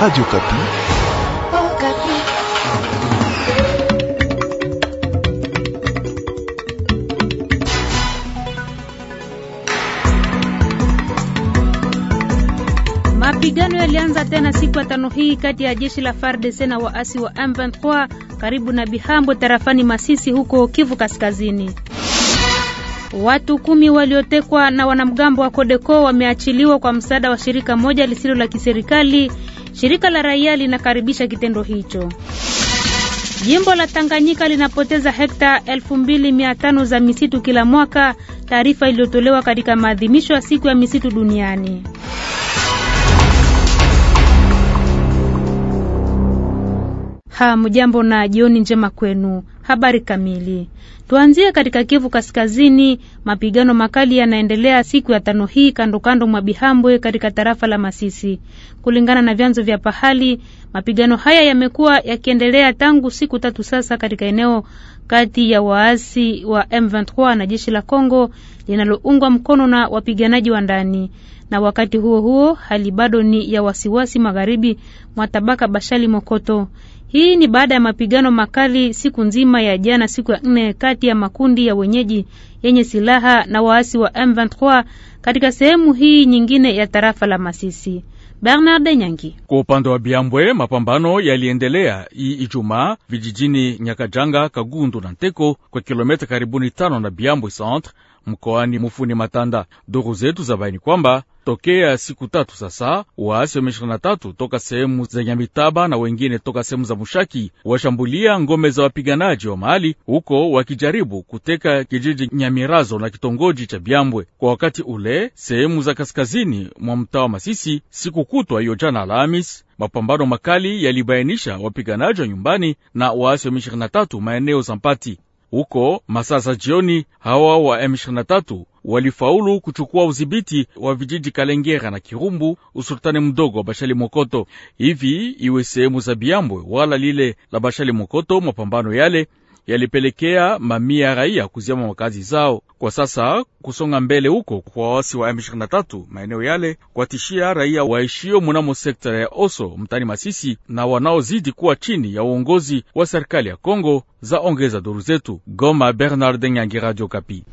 Radio Kapi. Oh, Kapi. Mapigano yalianza tena siku ya tano hii kati ya jeshi la FARDC na waasi wa M23 karibu na Bihambo tarafani Masisi huko Kivu Kaskazini. Watu kumi waliotekwa na wanamgambo wa Kodeko wameachiliwa kwa msaada wa shirika moja lisilo la kiserikali Shirika la raia linakaribisha kitendo hicho. Jimbo la Tanganyika linapoteza hekta 2500 za misitu kila mwaka, taarifa iliyotolewa katika maadhimisho ya siku ya misitu duniani. Hamjambo na jioni njema kwenu. Habari kamili. Tuanzie katika Kivu Kaskazini. Mapigano makali yanaendelea siku ya tano hii kando kando mwa Bihambwe katika tarafa la Masisi. Kulingana na vyanzo vya pahali, mapigano haya yamekuwa yakiendelea tangu siku tatu sasa katika eneo kati ya waasi wa M23 na jeshi la Kongo linaloungwa mkono na wapiganaji wa ndani. Na wakati huo huo, hali bado ni ya wasiwasi magharibi mwa tabaka Bashali Mokoto. Hii ni baada ya mapigano makali siku nzima ya jana siku ya nne kati ya makundi ya wenyeji yenye silaha na waasi wa M23 katika sehemu hii nyingine ya tarafa la Masisi. Bernard Nyangi. Kwa upande wa Biambwe, mapambano yaliendelea hii Ijumaa vijijini Nyakajanga, Kagundu na Nteko kwa kilomita karibuni tano na Biambwe centre mkoani Mufuni Matanda. Duru zetu za baini kwamba tokea siku tatu sasa, waasi wa M23 toka sehemu za Nyamitaba na wengine toka sehemu za Mushaki washambulia ngome za wapiganaji wa mahali huko, wakijaribu kuteka kijiji Nyamirazo na kitongoji cha Byambwe. Kwa wakati ule, sehemu za kaskazini mwa mtaa wa Masisi, siku kutwa hiyo jana Alhamis, mapambano makali yalibainisha wapiganaji wa nyumbani na waasi wa M23 maeneo za Mpati. Huko masaa za jioni, hawa wa M23 walifaulu kuchukua udhibiti wa vijiji Kalengera na Kirumbu, usultani mdogo wa Bashali Mokoto, hivi iwe sehemu za Biambwe wala lile la Bashali Mokoto. Mapambano yale yalipelekea mamia ya raia kuziama makazi zao. Kwa sasa kusonga mbele huko kwa waasi wa M23 maeneo yale kuwatishia raia waishio mnamo sekta ya Oso mtani Masisi na wanaozidi kuwa chini ya uongozi wa serikali ya Kongo za ongeza duru zetu. Goma, Bernard Nyangi, Radio Kapi.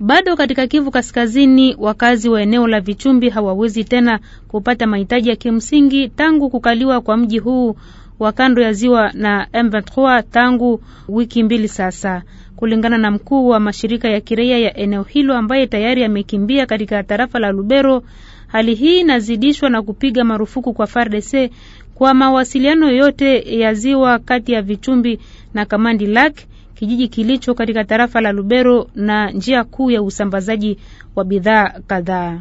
Bado katika Kivu Kaskazini, wakazi wa eneo la Vichumbi hawawezi tena kupata mahitaji ya kimsingi tangu kukaliwa kwa mji huu wa kando ya ziwa na M23 tangu wiki mbili sasa, kulingana na mkuu wa mashirika ya kiraia ya eneo hilo ambaye tayari amekimbia katika tarafa la Lubero. Hali hii inazidishwa na kupiga marufuku kwa FARDC kwa mawasiliano yote ya ziwa kati ya Vichumbi na Kamandi lak kijiji kilicho katika tarafa la Lubero na njia kuu ya usambazaji wa bidhaa kadhaa.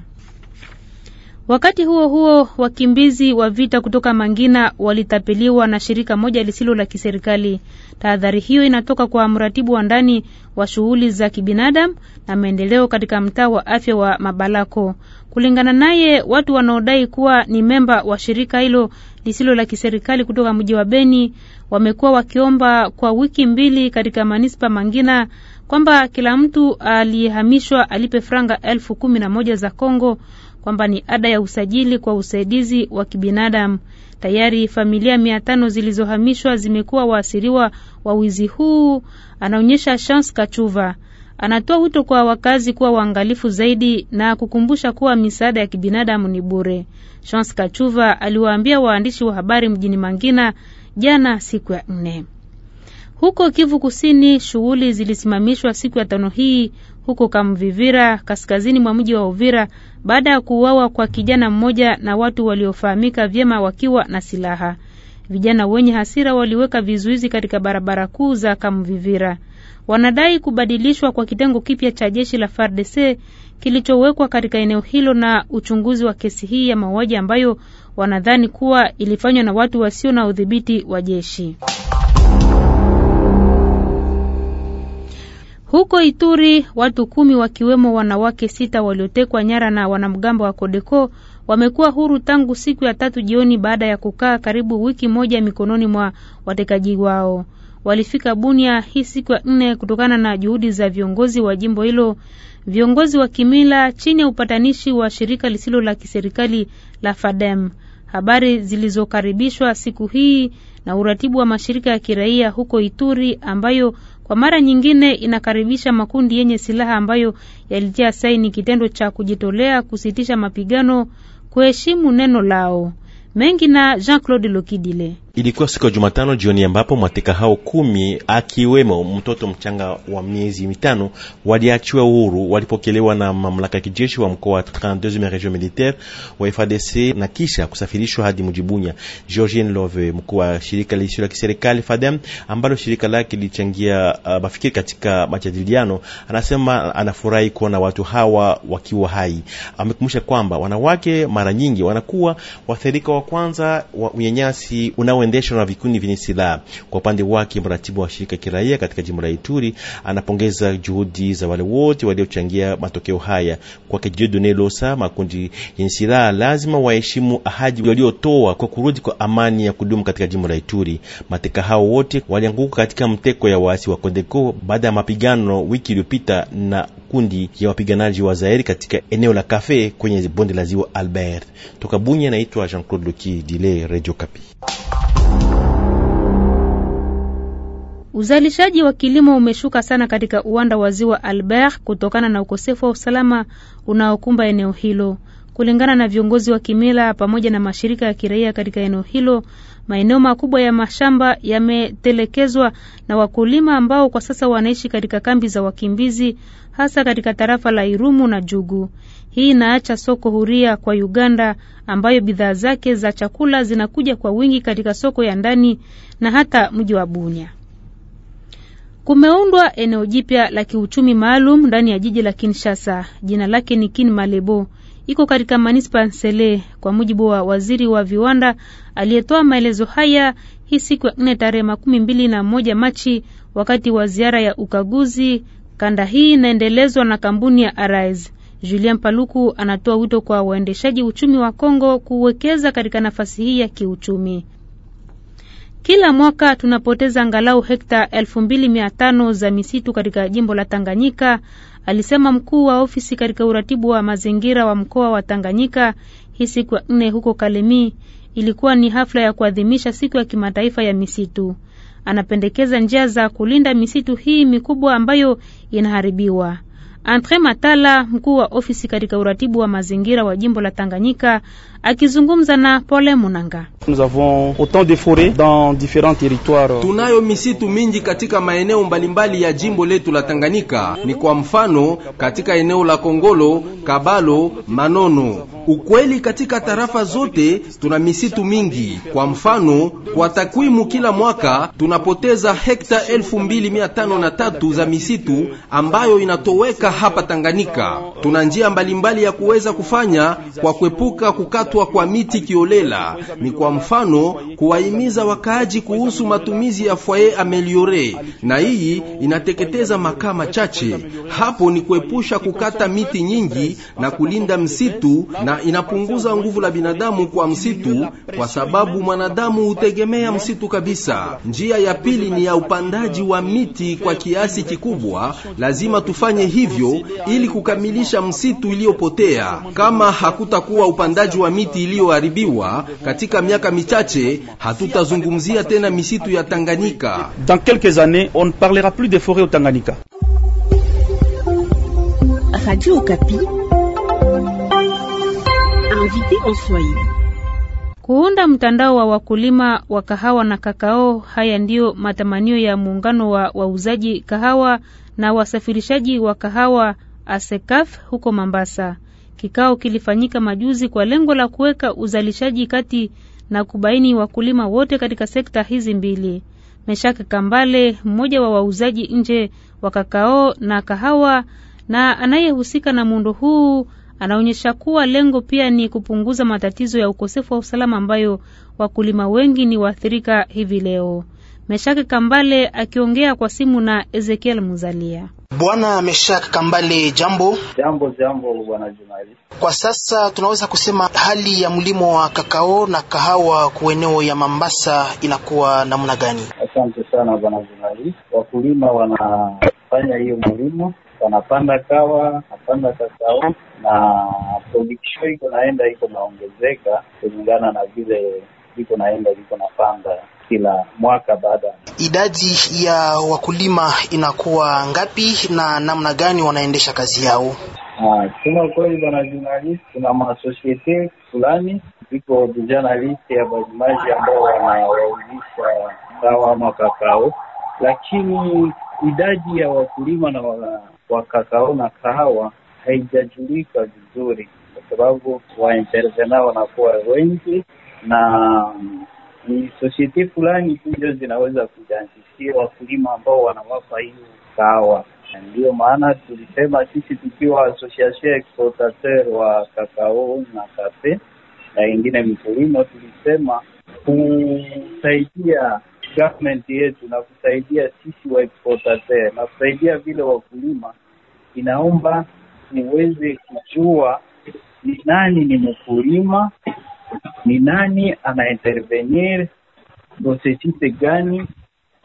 Wakati huo huo, wakimbizi wa vita kutoka Mangina walitapeliwa na shirika moja lisilo la kiserikali. Tahadhari hiyo inatoka kwa mratibu wa ndani wa shughuli za kibinadamu na maendeleo katika mtaa wa afya wa Mabalako. Kulingana naye, watu wanaodai kuwa ni memba wa shirika hilo lisilo la kiserikali kutoka mji wa Beni wamekuwa wakiomba kwa wiki mbili katika manispa Mangina kwamba kila mtu aliyehamishwa alipe franga elfu kumi na moja za Kongo kwamba ni ada ya usajili kwa usaidizi wa kibinadamu. Tayari familia mia tano zilizohamishwa zimekuwa waasiriwa wa wizi huu, anaonyesha Chance Kachuva. Anatoa wito kwa wakazi kuwa waangalifu zaidi na kukumbusha kuwa misaada ya kibinadamu ni bure. Chance Kachuva aliwaambia waandishi wa habari mjini Mangina jana siku ya nne. Huko Kivu Kusini, shughuli zilisimamishwa siku ya tano hii huko Kamvivira kaskazini mwa mji wa Uvira baada ya kuuawa kwa kijana mmoja na watu waliofahamika vyema wakiwa na silaha. Vijana wenye hasira waliweka vizuizi katika barabara kuu za Kamvivira. Wanadai kubadilishwa kwa kitengo kipya cha jeshi la FARDC kilichowekwa katika eneo hilo na uchunguzi wa kesi hii ya mauaji ambayo wanadhani kuwa ilifanywa na watu wasio na udhibiti wa jeshi. Huko Ituri watu kumi wakiwemo wanawake sita waliotekwa nyara na wanamgambo wa Kodeko wamekuwa huru tangu siku ya tatu jioni baada ya kukaa karibu wiki moja mikononi mwa watekaji wao. Walifika Bunia hii siku ya nne kutokana na juhudi za viongozi wa jimbo hilo, viongozi wa kimila chini ya upatanishi wa shirika lisilo la kiserikali la Fadem. Habari zilizokaribishwa siku hii na uratibu wa mashirika ya kiraia huko Ituri ambayo kwa mara nyingine inakaribisha makundi yenye silaha ambayo yalitia saini kitendo cha kujitolea kusitisha mapigano, kuheshimu neno lao mengi na Jean-Claude Lokidile. Ilikuwa siku ya Jumatano jioni ambapo mateka hao kumi akiwemo mtoto mchanga wa miezi mitano waliachiwa uhuru walipokelewa na mamlaka ya kijeshi wa mkoa wa 32 e region militaire wa FADC na kisha kusafirishwa hadi Mujibunya. Georgine Love, mkuu wa shirika lisilo la kiserikali FADEM ambalo shirika lake lilichangia uh, mafikiri katika majadiliano, anasema anafurahi kuona watu hawa wakiwa hai. Amekumbusha kwamba wanawake mara nyingi wanakuwa wathirika wa kwanza wa unyanyasi unao kuendeshwa na vikundi vyenye silaha. Kwa upande wake, mratibu wa shirika kiraia katika jimbo la Ituri anapongeza juhudi za wale wote waliochangia matokeo haya. Kwake Jedone Losa, makundi yenye silaha lazima waheshimu ahadi waliotoa kwa kurudi kwa amani ya kudumu katika jimbo la Ituri. Mateka hao wote walianguka katika mteko ya waasi wa Kodeko baada ya mapigano wiki iliyopita na kundi ya wapiganaji wa Zairi katika eneo la Kafe kwenye bonde la ziwa Albert. Toka Bunya, naitwa Jean-Claude Luki Dile, Radio Kapi. Uzalishaji wa kilimo umeshuka sana katika uwanda wa ziwa Albert kutokana na ukosefu wa usalama unaokumba eneo hilo. Kulingana na viongozi wa kimila pamoja na mashirika ya kiraia katika eneo hilo, maeneo makubwa ya mashamba yametelekezwa na wakulima ambao kwa sasa wanaishi katika kambi za wakimbizi, hasa katika tarafa la Irumu na Jugu. Hii inaacha soko huria kwa Uganda ambayo bidhaa zake za chakula zinakuja kwa wingi katika soko ya ndani na hata mji wa Bunia. Kumeundwa eneo jipya la kiuchumi maalum ndani ya jiji la Kinshasa. Jina lake ni Kin Malebo iko katika manispa Nsele, kwa mujibu wa waziri wa viwanda aliyetoa maelezo haya hii siku ya nne tarehe makumi mbili na moja Machi wakati wa ziara ya ukaguzi. Kanda hii inaendelezwa na kampuni ya Arise. Julien Paluku anatoa wito kwa waendeshaji uchumi wa Kongo kuwekeza katika nafasi hii ya kiuchumi. Kila mwaka tunapoteza angalau hekta elfu mbili mia tano za misitu katika jimbo la Tanganyika alisema mkuu wa ofisi katika uratibu wa mazingira wa mkoa wa Tanganyika hii siku ya nne huko Kalemi. Ilikuwa ni hafla ya kuadhimisha siku ya kimataifa ya misitu. Anapendekeza njia za kulinda misitu hii mikubwa ambayo inaharibiwa. Andre Matala, mkuu wa ofisi katika uratibu wa mazingira wa jimbo la Tanganyika, akizungumza na Pole Munanga. Tunayo misitu mingi katika maeneo mbalimbali ya jimbo letu la Tanganyika, ni kwa mfano katika eneo la Kongolo, Kabalo, Manono. Ukweli katika tarafa zote tuna misitu mingi. Kwa mfano, kwa takwimu, kila mwaka tunapoteza hekta elfu za misitu ambayo inatoweka hapa Tanganyika. Tuna njia mbalimbali ya kuweza kufanya kwa kuepuka kukatwa kwa miti kiolela, ni kwa mfano kuwahimiza wakaaji kuhusu matumizi ya foyer ameliore, na hii inateketeza makaa machache. Hapo ni kuepusha kukata miti nyingi na kulinda msitu, na inapunguza nguvu la binadamu kwa msitu, kwa sababu mwanadamu hutegemea msitu kabisa. Njia ya pili ni ya upandaji wa miti kwa kiasi kikubwa, lazima tufanye hivi hivyo ili kukamilisha msitu iliyopotea. Kama hakutakuwa upandaji wa miti iliyoharibiwa katika miaka michache, hatutazungumzia tena misitu ya Tanganyika. Dans quelques années, on ne parlera plus des forêts au Tanganyika. Radio Okapi. Invité en Swahili kuunda mtandao wa wakulima wa kahawa na kakao. Haya ndiyo matamanio ya muungano wa wauzaji kahawa na wasafirishaji wa kahawa ASEKAF huko Mambasa. Kikao kilifanyika majuzi kwa lengo la kuweka uzalishaji kati na kubaini wakulima wote katika sekta hizi mbili. Meshak Kambale, mmoja wa wauzaji nje wa kakao na kahawa na anayehusika na muundo huu, Anaonyesha kuwa lengo pia ni kupunguza matatizo ya ukosefu wa usalama ambayo wakulima wengi ni waathirika hivi leo. Meshake Kambale akiongea kwa simu na Ezekiel Muzalia. Bwana Meshak Kambale, jambo jambo jambo, bwana Jumali. Kwa sasa tunaweza kusema hali ya mlimo wa kakao na kahawa kueneo ya Mambasa inakuwa namna gani? Asante sana bwana Jumali. Wakulima wanafanya hiyo mlimo, wanapanda kawa, wanapanda kakao na production iko naenda iko naongezeka kulingana na vile iko naenda iko napanda kila mwaka. Baada idadi ya wakulima inakuwa ngapi na namna gani wanaendesha kazi yao? Ah, kusema kweli, bwana journalist, kuna masosiete fulani iko journalist ya bajimaji ambao wanawaulisha sawa ama kakao, lakini idadi ya wakulima na wakakao na kahawa haijajulika vizuri, kwa sababu nao wanakuwa wengi na ni society fulani tu ndio zinaweza kujianzishia wakulima ambao wanawapa hiyo kahawa, ndiyo maana tulisema sisi tukiwa association exportateur wa kakao na kafe na ingine mkulima tulisema kusaidia government yetu na kusaidia sisi wa exportateur na kusaidia vile wakulima, inaomba niweze kujua ni nani ni mkulima, ni nani ana intervenir dosesite gani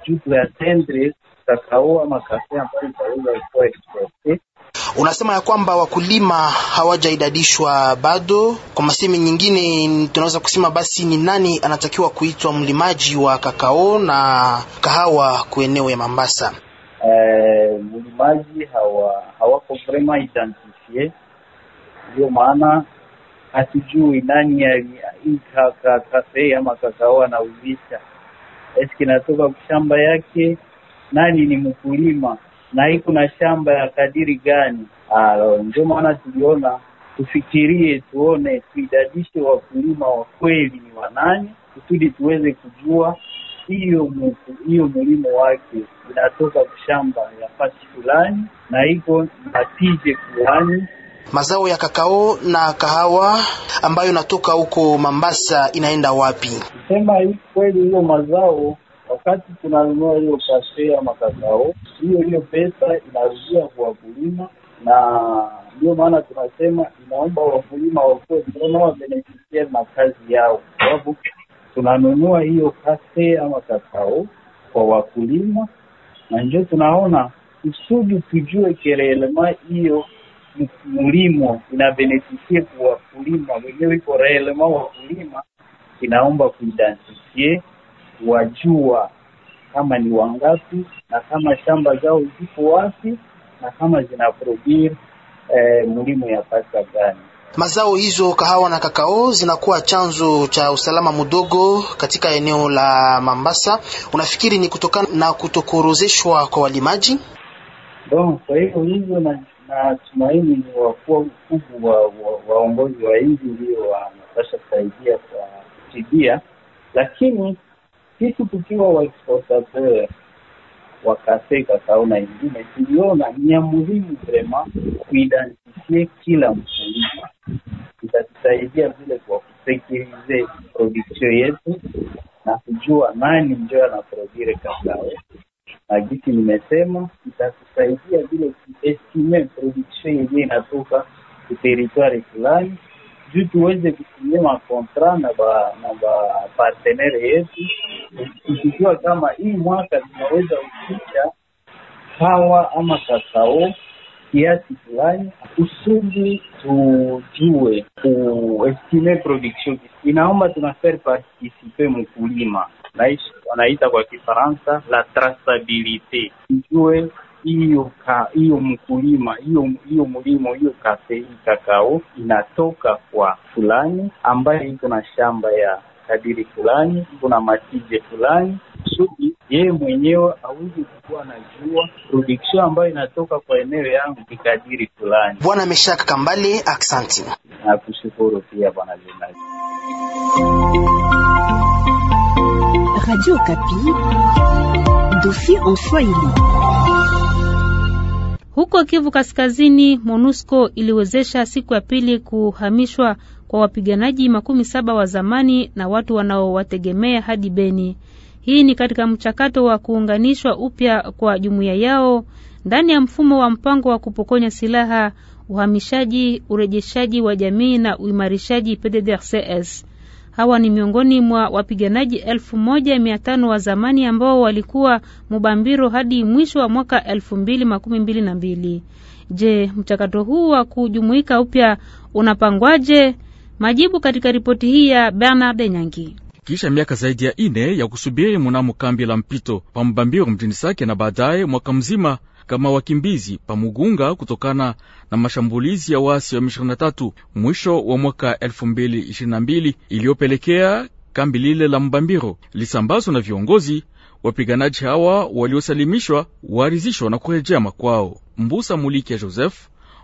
juu tuyatendre kakao ama ambayo itaweza kuwa exporte. Unasema ya kwamba wakulima hawajaidadishwa bado. Kwa masemi nyingine, tunaweza kusema basi ni nani anatakiwa kuitwa mlimaji wa kakao na kahawa kueneo ya Mambasa? Eh, mlimaji hawa hawako vraiment identifié, ndio maana hatujui nani kafe ama kakao anaulisha, eski natoka shamba yake, nani ni mkulima na iko na shamba ya kadiri gani? Ndio maana tuliona tufikirie, tuone, tuidadishe wakulima wa kweli ni wanani, kusudi tuweze kujua hiyo hiyo mulimo wake inatoka kushamba ya fasi fulani na iko natije fulani mazao ya kakao na kahawa ambayo inatoka huko Mambasa inaenda wapi? Sema hii kweli, hiyo mazao wakati tunanunua hiyo kashe ya makakao, hiyo hiyo pesa inarudia kwa wakulima, na ndio maana tunasema inaomba wakulima wakuwe na makazi yao, sababu tunanunua hiyo kase ama kakao kwa wakulima, na njo tunaona kusudi tujue kerelema hiyo mlimo inabenefisie kwa wakulima wenyewe, iko reelema wakulima inaomba kuidentifie, wajua kama ni wangapi na kama shamba zao ziko wapi na kama zina produce eh, mlimo ya pasa gani Mazao hizo kahawa na kakao zinakuwa chanzo cha usalama mdogo katika eneo la Mambasa. Unafikiri ni kutokana na kutokorozeshwa kwa walimaji? Bon, kwa hivyo hivyo na tumaini ni wakuwa ukubu wa, wa, waongozi wa nchi ndio wanapasha kusaidia kwa kutibia, lakini sisi tukiwa waexportateur wakasee kakao na ingine tuliona ni ya muhimu vrema kuidentifie kila mkulima itatusaidia vile kwa kusekirize production yetu na kujua nani njo produire kakao, na gisi nimesema itatusaidia vile kuestime production yenye inatoka kuteritwari fulani juu tuweze kutumia makontra na ba na ba partenere yetu, ikijua kama hii mwaka tunaweza kuficha hawa ama kakao kiasi fulani kusudi tujue kuestime production. Inaomba tuna faire participe mkulima, wanaita kwa Kifaransa la trasabilite tujue hiyo hiyo mkulima hiyo hiyo mlimo hiyo kafe kakao inatoka kwa fulani ambaye iko na shamba ya kadiri fulani, iko na matije fulani kusudi yeye mwenyewe hawezi kuwa jua production ambayo inatoka kwa eneo yangu kikadiri fulani. Bwana Meshak Kambale, aksanti. Nakushukuru pia bwana Leonard. Radio Kapi, dossier en Swahili. Huko Kivu Kaskazini, MONUSCO iliwezesha siku ya pili kuhamishwa kwa wapiganaji makumi saba wa zamani na watu wanaowategemea hadi Beni. Hii ni katika mchakato wa kuunganishwa upya kwa jumuiya yao ndani ya mfumo wa mpango wa kupokonya silaha, uhamishaji, urejeshaji wa jamii na uimarishaji PDDRCS. Hawa ni miongoni mwa wapiganaji elfu moja mia tano wa zamani ambao walikuwa Mubambiro hadi mwisho wa mwaka elfu mbili makumi mbili na mbili. Je, mchakato huu wa kujumuika upya unapangwaje? Majibu katika ripoti hii ya Bernard Nyangi kisha miaka zaidi ya ine ya kusubiri munamo kambi la mpito pa Mubambiro mjini Sake na baadaye mwaka mzima kama wakimbizi pa Mugunga kutokana na mashambulizi ya wasi wa M23 mwisho wa mwaka 2022 iliyopelekea kambi lile la Mubambiro lisambazwa na viongozi wapiganaji hawa waliosalimishwa waarizishwa na kurejea makwao. Mbusa Muliki ya Joseph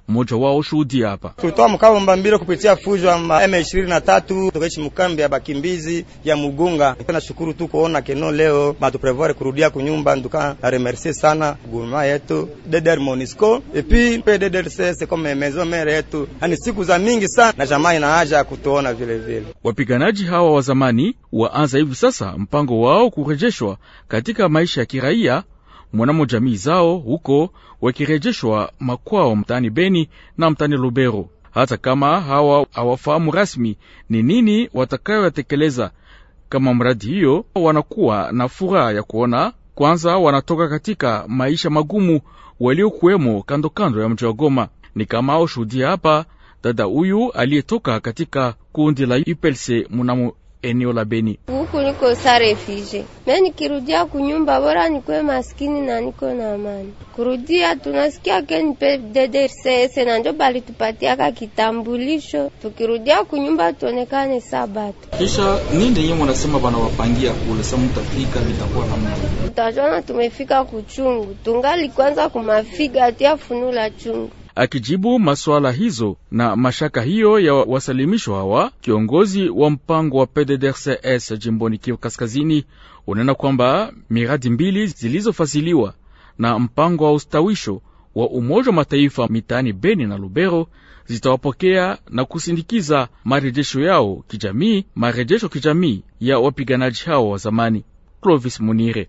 mmoja wao shuhudi hapa. Tulitoa mkao mbambiro kupitia fujo ya M23 tukaishi mkambi ya bakimbizi ya Mugunga. Nashukuru tu kuona keno leo matuprevoir kurudia kunyumba, nduka na remercier sana gouvernement yetu DDR Monisco et puis PDDRC c'est comme maison mère yetu, Ani siku za mingi sana na jamaa ina haja ya kutuona vile vile. Wapiganaji hawa wa zamani waanza hivi sasa mpango wao kurejeshwa katika maisha ya kiraia mwanamo jamii zao huko wakirejeshwa makwao mtani Beni na mtani Lubero, hata kama hawa hawafahamu rasmi ni nini watakayoyatekeleza kama mradi hiyo. Wanakuwa na furaha ya kuona kwanza wanatoka katika maisha magumu waliokuwemo kandokando ya mji wa Goma, ni kama oshuhudia hapa dada huyu aliyetoka katika kundi la UPLC mnamo eneo la Beni. Huku niko sare fije me, nikirudia kunyumba bora nikwe maskini na niko na amani. Kurudia tunasikia kenipe DDRCS na njo bali tupatiaka kitambulisho, tukirudia kunyumba tuonekane sabato. Kisha ninde yeye mwanasema bana wapangia kule sa mtafika vitakuwa mtu tutajona tumefika kuchungu tungali kwanza kumafiga tia funula chungu Akijibu masuala hizo na mashaka hiyo ya wasalimisho hawa, kiongozi wa mpango wa PDDRCS jimboni Kivu Kaskazini unena kwamba miradi mbili zilizofasiliwa na mpango wa ustawisho wa Umoja wa Mataifa mitaani Beni na Lubero zitawapokea na kusindikiza marejesho yao kijamii, marejesho kijamii ya wapiganaji hao wa zamani. Clovis Munire.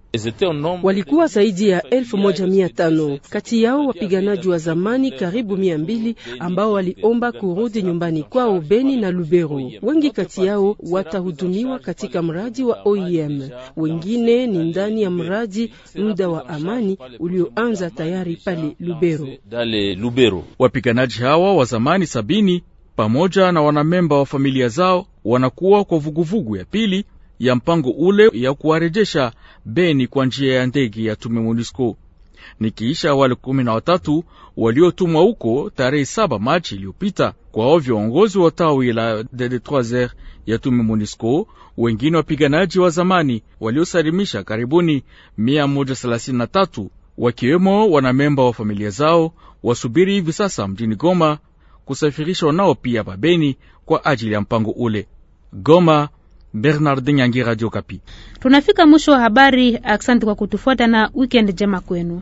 Walikuwa zaidi ya elfu moja mia tano kati yao wapiganaji wa zamani karibu mia mbili ambao waliomba kurudi nyumbani kwao Beni na Lubero. Wengi kati yao watahudumiwa katika mradi wa OIM, e wengine ni ndani ya mradi muda wa amani ulioanza tayari pale Lubero. Wapiganaji hawa wa zamani sabini pamoja na wanamemba wa familia zao wanakuwa kwa vuguvugu ya pili ya mpango ule ya kuwarejesha Beni kwa njia ya ndege ya tume MONUSCO nikiisha wale kumi na watatu waliotumwa huko tarehe saba Machi iliyopita kwao viongozi wa tawi la dd 3 ya tume MONUSCO, wengine wapiganaji wa zamani waliosalimisha karibuni 133 wakiwemo wanamemba wa familia zao, wasubiri hivi sasa mjini Goma kusafirishwa nao pia babeni kwa ajili ya mpango ule Goma. Bernardin Yangi, Radio Kapi. Tunafika mwisho wa habari. Asante kwa kutufuata na wikend jema kwenu.